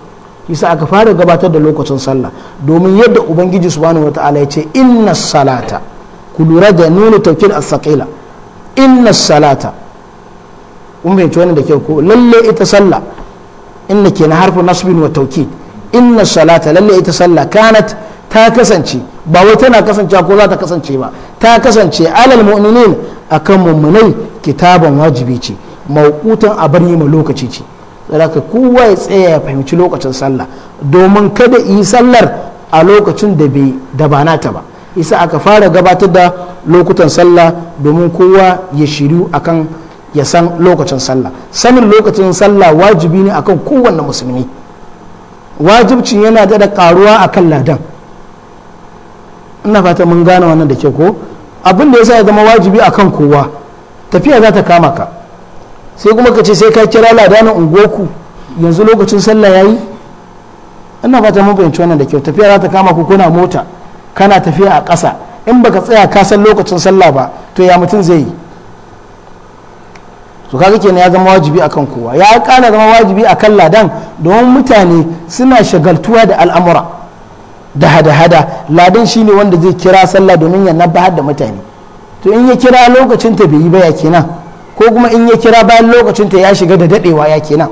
yasa aka fara gabatar da lokacin sallah domin yadda ubangiji subhanahu wataala ya ce inna salata ku lura da nuna taukil as-saqila inna salata kun fahimci wannan da kyau ko lalle ita sallah inna ke na harfin nasbin wa taukid inna salata lalle ita sallah kanat ta kasance ba wai tana kasancewa ko za ta kasance ba ta kasance alal mu'minin akan mummunai kitaban wajibi ce mawqutan a bar ma lokaci ce saboda kowa ya tsaya ya fahimci lokacin sallah domin kada yi sallar a lokacin da bai dabana ta ba isa aka fara gabatar da lokutan sallah domin kowa ya shiru akan ya san lokacin sallah sanin lokacin sallah wajibi ne akan kowanne musulmi wajibcin yana da karuwa akan ladan ina fata mun gane wannan da ke ko abin da ya sa ya zama wajibi a kan kowa tafiya za ta kama ka sai kuma ka ce sai ka kira ladanin ungoku yanzu lokacin sallah ya yi ina fata mun fahimci wannan da kyau tafiya za ta kama ku kuna mota kana tafiya a ƙasa in baka tsaya ka san lokacin sallah ba to ya mutum zai yi to kaga kenan ya zama wajibi akan kowa ya kana zama wajibi akan ladan domin mutane suna shagaltuwa da al'amura da hada-hada ladan shine wanda zai kira sallah domin ya nabahar da mutane to in ya kira lokacin ta bai yi ba ya kenan ko kuma in ya kira bayan lokacin ta ya shiga da dadewa ya kenan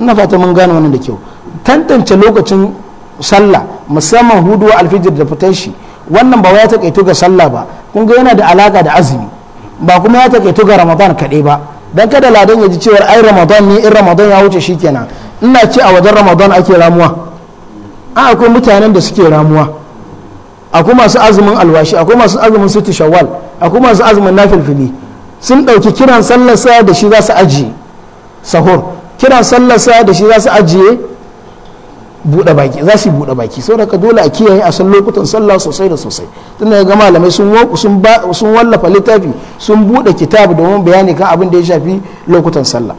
ina fata mun gane wannan da kyau tantance lokacin sallah musamman huduwa alfijir da fitan shi wannan ba ya takaito ga sallah ba kun ga yana da alaka da azumi ba kuma ya takaito ga ramadan kaɗai ba dan kada ladan ya ji cewa ai ramadan ne in ramadan ya wuce shi shikenan ina ce a wajen ramadan ake ramuwa a akwai mutanen da suke ramuwa akwai masu azumin alwashi akwai masu azumin sutu shawwal akwai masu azumin nafilfili sun ɗauki kiran sallarsa da shi za su ajiye sahur kiran sallarsa da shi za su ajiye buɗe baki za su buɗe baki sau da dole a kiyaye a san lokutan sallah sosai da sosai tun da ga malamai sun wallafa littafi sun buɗe kitab domin bayani kan abin da ya shafi lokutan sallah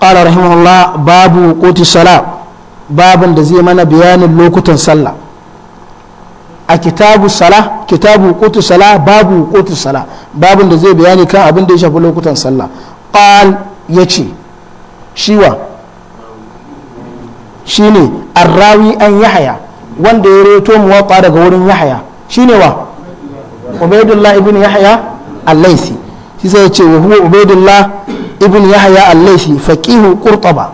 قال رحمه الله باب وقوت babin da zai mana bayanin lokutan sallah a kitabu sala kitabu kutu sala babu kutu sala babin da zai bayani kan abin da ya shafi lokutan sallah qal yace shiwa shine arrawi an yahya wanda ya reto muwatta daga wurin yahya shine wa ubaidullah ibn yahya al-laisi shi sai ya ce wa huwa ubaidullah ibn yahya al-laisi faqihu qurtaba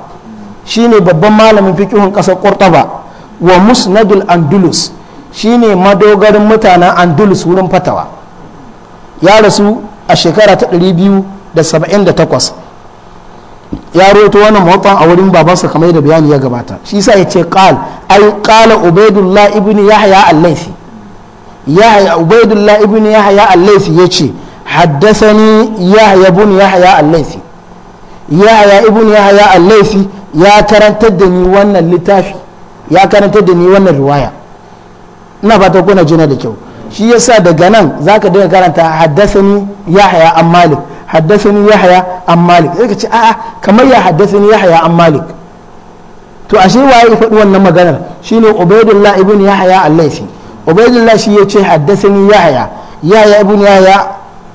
shine babban malamin fikihun ƙasar Qurtaba wa musnadul andulus shine madogarin mutanen andulus wurin fatawa ya rasu a shekara ta 278 ya roto wannan mawaƙan a wurin babansa kamar yadda bayani ya gabata shi sa ya ce qal ay qala ubaidullah ibn yahya al-laythi yahya ubaidullah ibn yahya al-laythi yace haddathani yahya ibn yahya al-laythi yahya ibn yahya al laifi ya karantar da ni wannan littafi ya karantar da ni wannan riwaya ina fata kuna jina da kyau shi yasa daga nan za ka dinga karanta haddasani haya an malik haddasani haya an malik sai ka ce a'a kamar ya haddasani haya an malik to ashe waye ya faɗi wannan maganar shine ubaidullah ibn haya al-laifi ubaidullah shi yace haddasani yahya yahya ibn yahya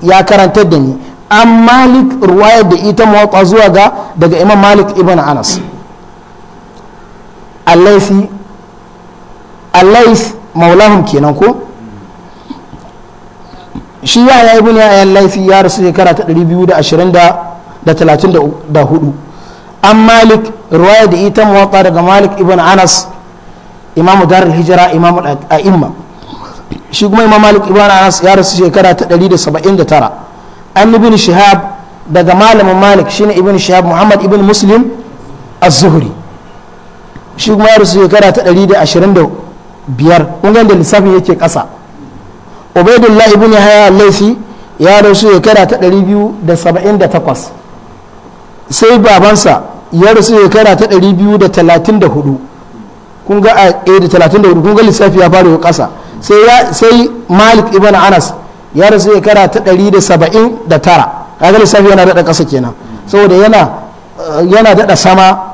ya karantar da ni an malik ruwayar da ita mawaƙa zuwa ga daga imam malik ibn anas allaifi allaif maulahum kenan ko shi ya yi ibn ya laifi ya rasu shekara ta 234 an malik ruwaya da ita mawaƙa daga malik ibn anas imamu darar hijira imamu a'imma shi kuma imam malik ibn anas ya rasu shekara ta 179 an ibn shihab daga malamin malik shine ibn shihab muhammad ibn muslim az-zuhri shi kuma ya rasu shekara ta 125 kun ga da lissafin yake kasa ubaidullahi ibn haya laifi ya rasu shekara ta 278 sai babansa ya rasu shekara ta 234 kun ga a 134 eh, kun ga lissafi ya fara kasa sai malik ibn anas ya rasu shekara ta tara kaga lissafi yana daɗa ƙasa kenan saboda yana eh, yana daɗa sama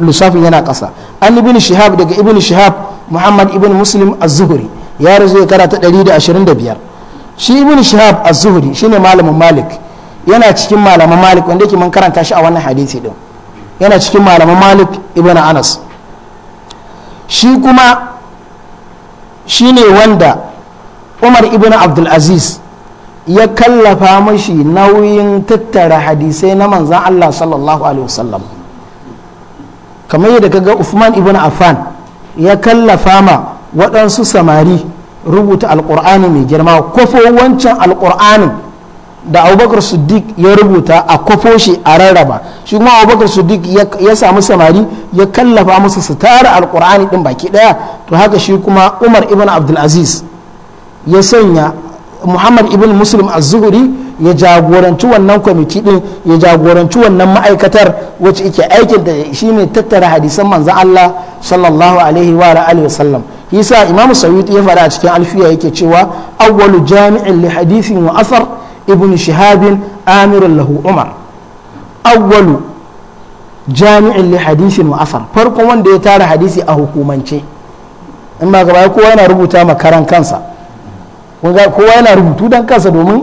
lissafin yana ƙasa an ibn shihab daga ibn shihab muhammad ibn muslim az-zuhri ya rasu shekara ta biyar. shi ibn shihab az-zuhri shine malamin malik yana cikin malaman malik wanda yake man karanta shi a wannan hadisi din yana cikin malaman malik ibn anas shi kuma shine wanda umar ibn abdulaziz ya kallafa mashi nauyin tattara hadisai na manzan allah sallallahu alaihi wasallam kamar yadda kaga Uthman ibn Affan ya kallafa ma waɗansu samari rubuta alƙur'ani mai girma kwafo wancan alƙur'anin da abubakar siddiq ya rubuta a kwafo shi a rarraba shi kuma abubakar siddiq ya samu samari ya kallafa musu su tara alƙur'ani ɗin baki ɗaya to haka shi kuma umar ibn abdulaziz ya sanya muhammad ibn muslim az-zuhri ya jagoranci wannan kwamiti din ya jagoranci wannan ma'aikatar wacce ike aikin da shine tattara hadisan manzon Allah sallallahu alaihi wa alihi wasallam yasa imamu sayyid ya faɗa a cikin alfiya yake cewa awwalu jami'in li hadithin wa asar ibn shihabin amirun lahu umar awwalu jami'in li hadithin wa asar farko wanda ya tara hadisi a hukumance in ba gaba kowa yana rubuta makaran kansa ga kowa yana rubutu don kansa domin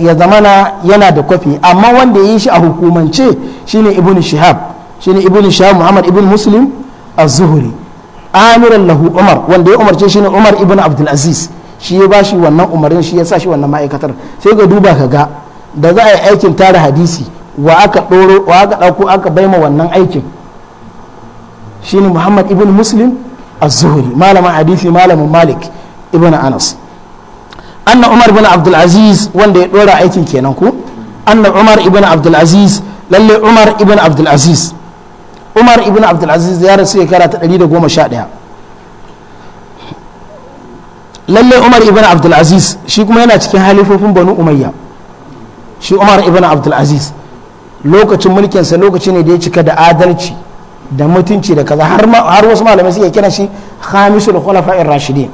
ya zamana yana da kwafi amma wanda ya yi shi a hukumance shine ibn shihab shine ibn shihab muhammad ibn muslim az zuhuri amiran lahu umar wanda ya umarce shine umar ibn abdul aziz shi ya bashi wannan umarin shi ya sa shi wannan ma'aikatar sai ga duba ka ga da za a yi aikin tara hadisi wa aka ɗoro wa aka ɗauko aka baima wannan aikin shine muhammad ibn muslim az zuhuri malamin hadisi malamin malik ibn anas anna umar ibn abdul aziz wanda ya dora aikin kenan ku anna umar ibn abdul aziz lalle umar ibn abdul aziz umar ibn abdul aziz ya rasu shekara ta 111 lalle umar ibn abdul aziz shi kuma yana cikin halifofin banu umayya shi umar ibn abdul aziz lokacin mulkinsa lokaci ne da ya cika da adalci da mutunci da kaza har wasu malamai suke kira shi khamisul khulafa'ir rashidin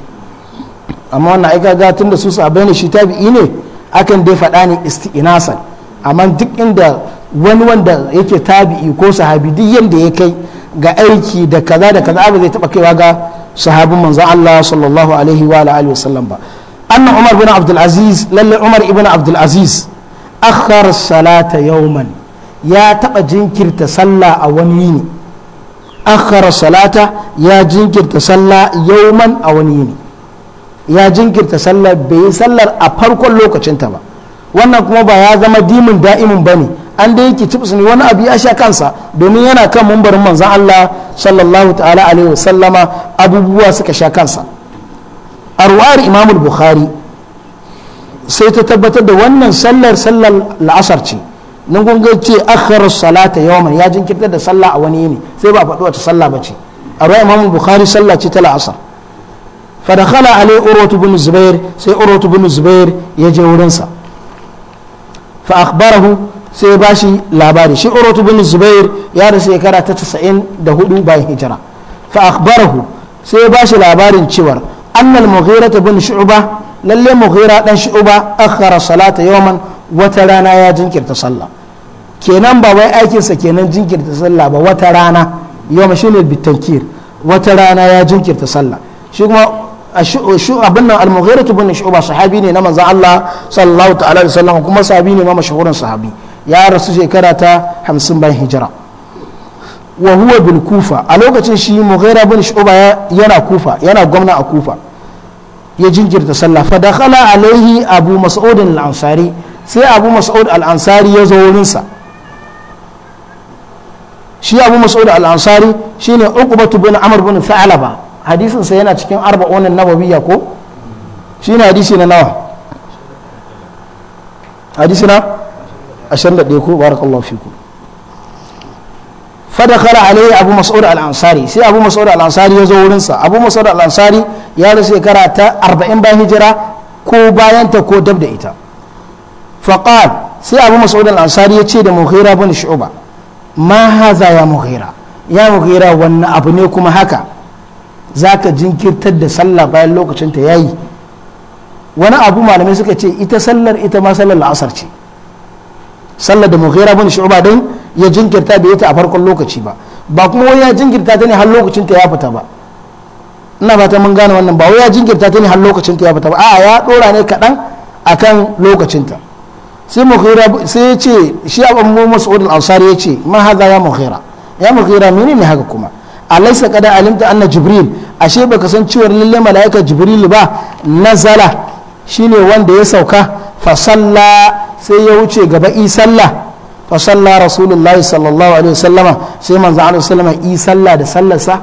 amma wannan ga tun tunda su sahabbai ne shi tabi'i ne akan dai faɗa ne isti'nasan amma duk inda wani wanda yake tabi'i ko sahabi duk yanda ya kai ga aiki da kaza da kaza abu zai taba kaiwa ga sahabin manza Allah sallallahu alaihi wa alihi wasallam ba anna Umar bin Abdul Aziz lalle Umar ibn Abdul Aziz akhar salata yawman ya taba jinkirta sallah a wani yini akhar salata ya jinkirta sallah yawman a wani yini ya jinkirta sallar bai yi sallar a farkon lokacinta ba wannan kuma ba ya zama dimin da'imin ba ne an da yake ne wani abu ya sha kansa domin yana kan mumbarin manzan Allah sallallahu ta'ala alaihi wasallama abubuwa suka sha kansa a ruwar imamul bukhari sai ta tabbatar da wannan sallar sallar la'asar ce nan kun ce akhar salata yawman ya jinkirta da sallah a wani yini sai ba a faɗo ta sallah ba ce a ruwar imamul bukhari sallah ce ta la'asar fada khala alai urwatu bin zubair sai urwatu bin zubair ya je wurinsa fa akhbarahu sai ba shi labari shi urwatu bin zubair ya da shekara ta 94 bayan hijira fa akhbarahu sai ba shi labarin cewa annal mughira bin shu'ba lalle mughira dan shu'ba akhara salata yawman wata rana ya jinkirta sallah kenan ba wai aikinsa kenan jinkirta sallah ba wata rana yawma shine bitankir wata rana ya jinkirta sallah shi kuma abin nan al-mughira ibn shu'ba sahabi ne na manzon Allah sallallahu ta'ala alaihi wasallam kuma sahabi ne ma mashhurin sahabi ya rasu shekara ta 50 bayan hijira wa huwa bil kufa a lokacin shi mughira bin shu'ba yana kufa yana gwamna a kufa ya jinjirta sallah fa dakhala alaihi abu mas'ud al-ansari sai abu mas'ud al-ansari ya zo wurin sa shi abu mas'ud al-ansari shine uqbatu bin amr bin tha'laba Hadisinsa yana cikin arba'unan nawawiya ko shi ne hadisi na nawa hadisi na ashirin da ɗaya ko barakallahu fi ku fadakara alayhi abu mas'ud al-ansari sai abu mas'ud al-ansari ya zo wurinsa sa abu mas'ud al-ansari ya rasu shekara ta arba'in bayan hijira ko bayan ta ko dab da ita Faƙar sai abu mas'ud al-ansari ya ce da muhira bani shu'ba ma haza ya muhira ya muhira wani abu ne kuma haka za ka jinkirtar da sallah bayan lokacin ta yayi wani abu malamai suka ce ita sallar ita ma sallar la'asar ce sallar da mughira bin shu'ba din ya jinkirta bai ta a farkon lokaci ba ba kuma wani ya jinkirta ta ne har lokacin ta ya fita ba ina ta mun gane wannan ba wai ya jinkirta ta ne har lokacin ta ya fita ba a'a ya dora ne kaɗan akan lokacin ta sai mughira sai ya ce shi abu mas'ud al-ansari ya ce ma hadha ya mughira ya mughira menene haka kuma alaysa kada alimta anna jibril ashe baka san cewar lalle malaika jibril ba nazala shine wanda ya sauka fa salla sai ya wuce gaba i salla fa salla rasulullahi sallallahu alaihi wasallama sai manzo alaihi wasallama i salla da sallarsa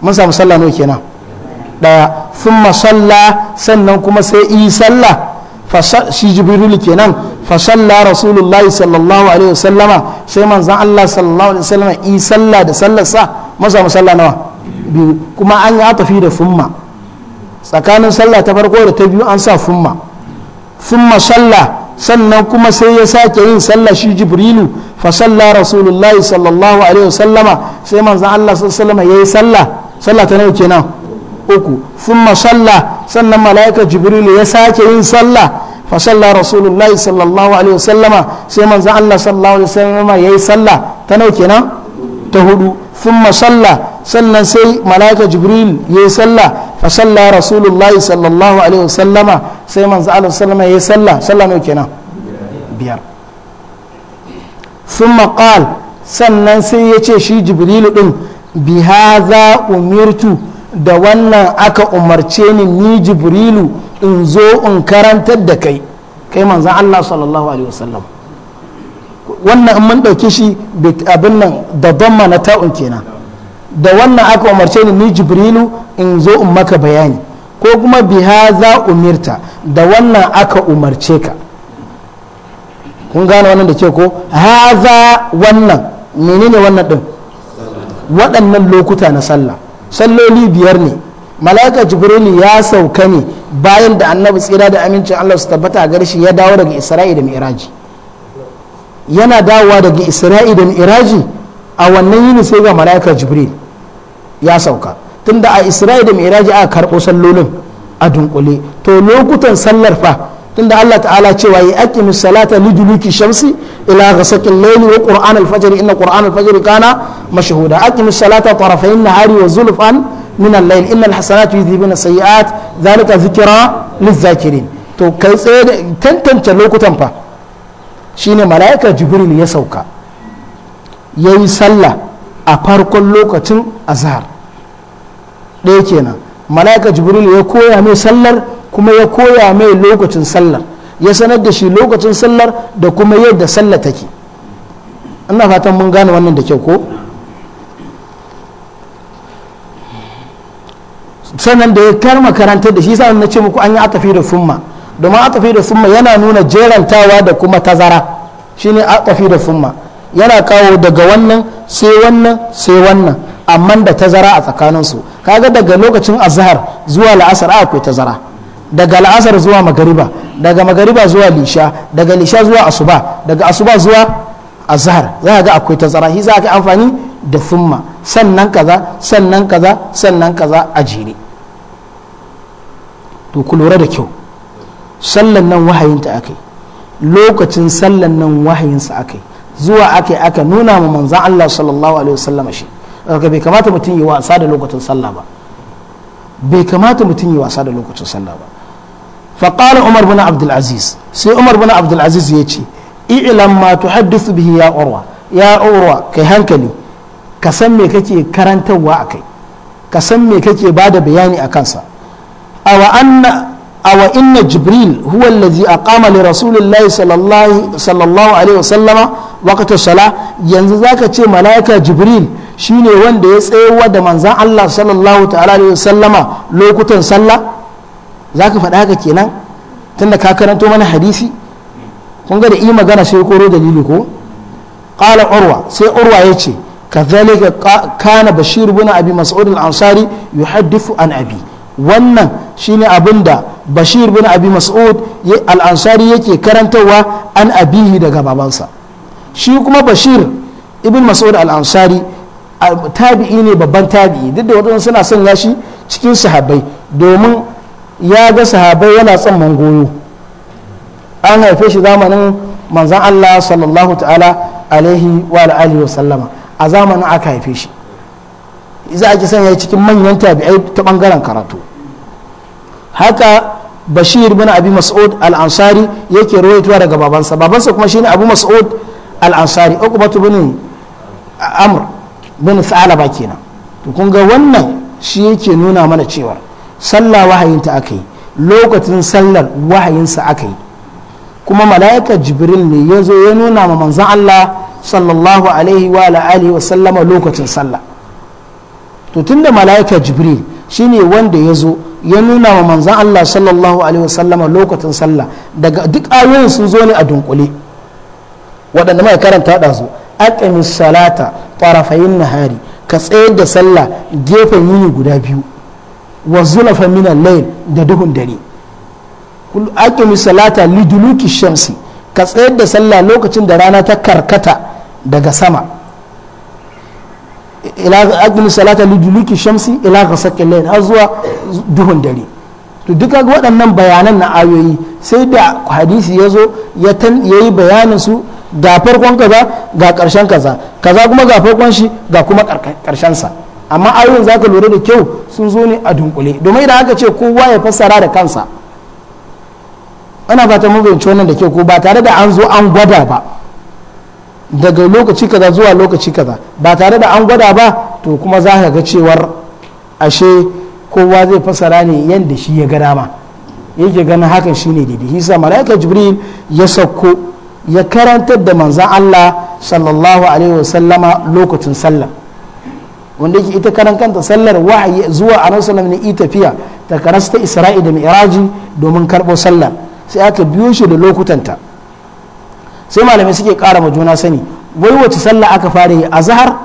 mun samu sallah nawa kenan daya thumma salla sannan kuma sai i salla shi jibrilu kenan fa salla rasulullahi sallallahu alaihi wasallama sai manzo Allah sallallahu alaihi wasallama i salla da sallarsa maza samu sallah nawa biyu kuma an yi atafi da fumma tsakanin sallah ta farko da ta biyu an sa fumma. fumma sallah sannan kuma sai ya sake yin sallah shi jibrilu fa salla rasulullahi sallallahu alaihi wasallama sai manzon Allah sallallahu ya yi sallah sallah ta nawa kenan uku fumma salla sannan malaika jibrilu ya sake yin sallah fa salla rasulullahi sallallahu alaihi wasallama sai manzon Allah sallallahu alaihi wasallama yayi sallah ta nawa kenan ta hudu sun masalla sannan sai mala'ika jibril yayi salla fa salla rasulullahi sallallahu alaihi wasallama sai manzo Allah sallama yayi salla salla nawa kenan biyar sun qal sannan sai ya ce shi jibrilu din bi hadha umirtu da wannan aka umarce ni ni jibrilu in zo in karantar da kai kai manzo Allah sallallahu alaihi wasallam wannan in mun ɗauki shi abin nan da damma na ta'un kenan da wannan aka umarce ni ni jibrilu in zo in maka bayani ko kuma biha za umirta da wannan aka umarce ka kun gane wannan da ke ko haza wannan menene wannan din waɗannan lokuta na sallah salloli biyar ne mala'ika jibrilu ya sauka ne bayan da annabi tsira da amincin allah su tabbata a garshi ya dawo daga isra'i da mi'raji yana dawowa daga isra'i da iraji a wannan yini sai ga mala'ika jibril ya sauka tunda a isra'i da iraji aka karɓo sallolin a dunkule to lokutan sallar fa tunda Allah ta'ala cewa yi aqimis salata liduluki shamsi ila sakin layli wa qur'an al inna qur'an al kana mashhuda aqimis salata na hari wa zulfan min al-layl inna al-hasanatu yudhibuna sayyi'at dhalika dhikra liz-zakirin to kai tsaye tantance lokutan fa shine mala'ika jibril ya sauka ya yi sallah a farkon lokacin azhar ɗaya kenan mala'ika jibril ya koya mai sallar kuma ya koya mai lokacin sallar ya sanar da shi lokacin sallar da kuma yadda sallar take ina fatan mun gane wannan da kyau ko sannan da ya karma karanta da shi sa na ce muku an yi atafi da summa domin tafi da summa yana nuna jerantawa da kuma tazara shine tafi da summa yana kawo daga wannan sai wannan sai wannan amma da tazara a tsakaninsu kaga daga lokacin azhar zuwa la'asar akwai tazara daga la'asar zuwa magariba daga magariba zuwa lisha daga lisha zuwa asuba daga asuba zuwa azhar za ga akwai tazara shi za ka amfani da summa sannan kaza sannan kaza sannan kaza a jere to ku lura da kyau sallan nan wahayinta akai lokacin sallan nan wahayinsa akai zuwa aka aka nuna ma manzan Allah sallallahu alaihi wasallam shi daga bai kamata mutum yi wasa da lokacin sallah ba bai kamata mutum yi wasa da lokacin sallah ba فقال عمر بن عبد العزيز سي عمر بن عبد العزيز يجي اعلم ما تحدث به يا عروة يا عروة كي هنكلي كسم مي كتي كرنتوا أكي كسم مي كتي بعد بياني أكنسا أو أن awa inna jibril huwa allazi aqama li rasulillahi sallallahu alaihi wasallama waqta sala yanzu zaka ce malaika jibril shine wanda ya tsayawa da manzan Allah sallallahu alaihi wasallama lokutan sallah zaka faɗa haka kenan tunda ka karanto mana hadisi kun ga da yi magana sai koro dalili ko qala urwa sai urwa ce kadhalika kana bashir bin abi mas'ud al-ansari yuhaddithu an abi wannan shine abin da bashir bin abi mas'ud al'ansari yake karantarwa an abihi daga babansa shi kuma bashir ibn mas'ud al'ansari tabi'i ne babban tabi'i duk da waɗansu suna son yashi cikin sahabbai domin ya ga sahabbai yana son mangoyo an haife shi zamanin manzan allah sallallahu ta'ala alaihi wa wa sallama a zamanin aka haife shi za a ki sanya cikin manyan tabi'ai ta bangaren karatu haka bashir bin abi mas'ud al-ansari yake rawaitowa daga babansa babansa kuma shine abu mas'ud al-ansari uqbatu bin amr bin thalaba kenan to kun ga wannan shi yake nuna mana cewa sallah wahayinta aka yi lokacin sallar wahayinsa aka yi kuma mala'ikar jibril ne ya zo ya nuna ma manzan allah sallallahu alaihi wa alihi wa sallama lokacin sallah to tun da mala'ika jibril shine wanda ya zo ya nuna wa manzan Allah sallallahu alaihi wasallama lokacin sallah daga duk ayoyin sun zo ne a dunkule waɗanda mai karanta da zo aqimis salata tarafayin nahari ka tsayar da sallah gefen yini guda biyu wa zulafa min al-layl da duhun dare aqimis salata liduluki shamsi ka tsayar da sallah lokacin da rana ta karkata daga sama ila aqim salata liduluki shamsi ila ghasaqil layl har zuwa duhun dare to duka waɗannan bayanan na ayoyi sai da hadisi ya zo ya yi bayanin su ga farkon kaza ga ƙarshen kaza kaza kuma ga farkon shi ga kuma karshen sa amma ayoyin zaka lura da kyau sun zo ne a dunkule domin idan aka ce kowa ya fassara da kansa ana fata mun wannan da kyau ko ba tare da an zo an gwada ba daga lokaci kaza zuwa lokaci kaza ba tare da an gwada ba to kuma za ka ga cewar ashe kowa zai fasara ne yadda shi ya ga dama yake ganin hakan shi shine daidai hisa malaika jibril ya sauko ya karantar da manzan allah sallallahu alaihi wasallama lokacin sallah wanda yake ita karan kanta sallar wahayi zuwa annabi sallallahu ne wasallam tafiya ta karasta isra'i da mi'raji domin karɓo sallar sai aka biyo shi da lokutanta sai malamai suke kara ma juna sani wai wace sallah aka fara yi azhar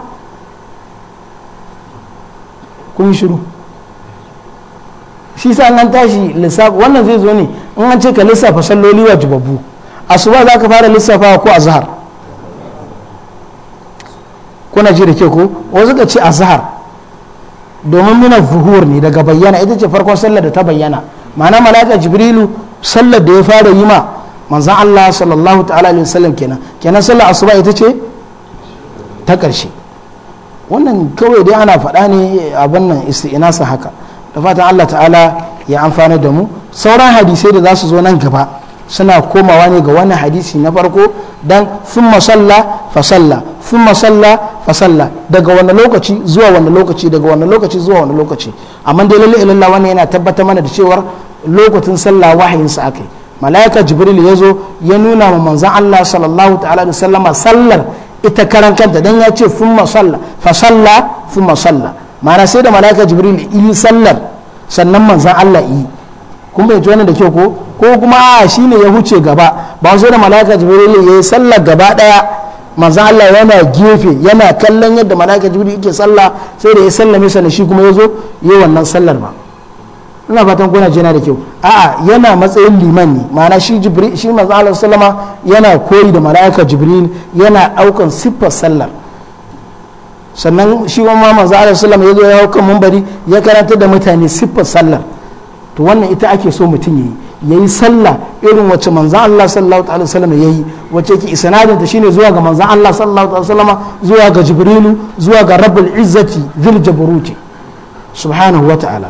kun shiru shi sa an tashi lissafa wannan zai zo ne in an ce ka lissafa salloli wajibabu asuba za ka fara lissafawa ko azhar kuna ji da ke ko wasu ka ce azhar domin nuna zuhur ne daga bayyana ita ce farkon sallar da ta bayyana ma'ana malaka jibrilu sallar da ya fara yi ma manzan Allah sallallahu ta'ala alaihi wasallam kenan kenan sallar asuba ita ce ta ƙarshe wannan kawai dai ana faɗa ne abin nan isti'inasa haka da fatan Allah ta'ala ya amfana da mu sauran hadisai da za su zo nan gaba suna komawa ne ga wannan hadisi na farko dan sun salla fa salla sun salla fa salla daga wani lokaci zuwa wani lokaci daga wani lokaci zuwa wani lokaci amma dai lalle ilallah wannan yana tabbatar mana da cewar lokacin sallah wahayin sa akai mala'ika jibril ya zo ya nuna ma manzan Allah sallallahu ta'ala da sallama sallar ita karan kanta dan ya ce fumma salla fa salla fumma salla ma'ana sai da mala'ika jibril yi sallar sannan manzan Allah yi kun bai ji da kyau ko ko kuma a shi ne ya huce gaba ba sai da mala'ika jibril ya yi sallar gaba daya manzan Allah yana gefe yana kallon yadda mala'ika jibril yake sallah sai da ya sallame sannan shi kuma ya zo yi wannan sallar ba ina fatan kuna jina da kyau a'a yana matsayin liman ne ma'ana shi jibril shi manzo Allah sallama yana koyi da malaika jibril yana aukan siffar sallar sannan shi ma manzo Allah sallama yazo ya aukan munbari ya karanta da mutane siffar sallar to wannan ita ake so mutum yayi yayi sallah irin wacce manzo Allah sallallahu alaihi wasallam yayi wacce yake isnadin ta shine zuwa ga manzo Allah sallallahu alaihi wasallama zuwa ga jibrilu zuwa ga rabbul izzati dhil jabruti subhanahu wa ta'ala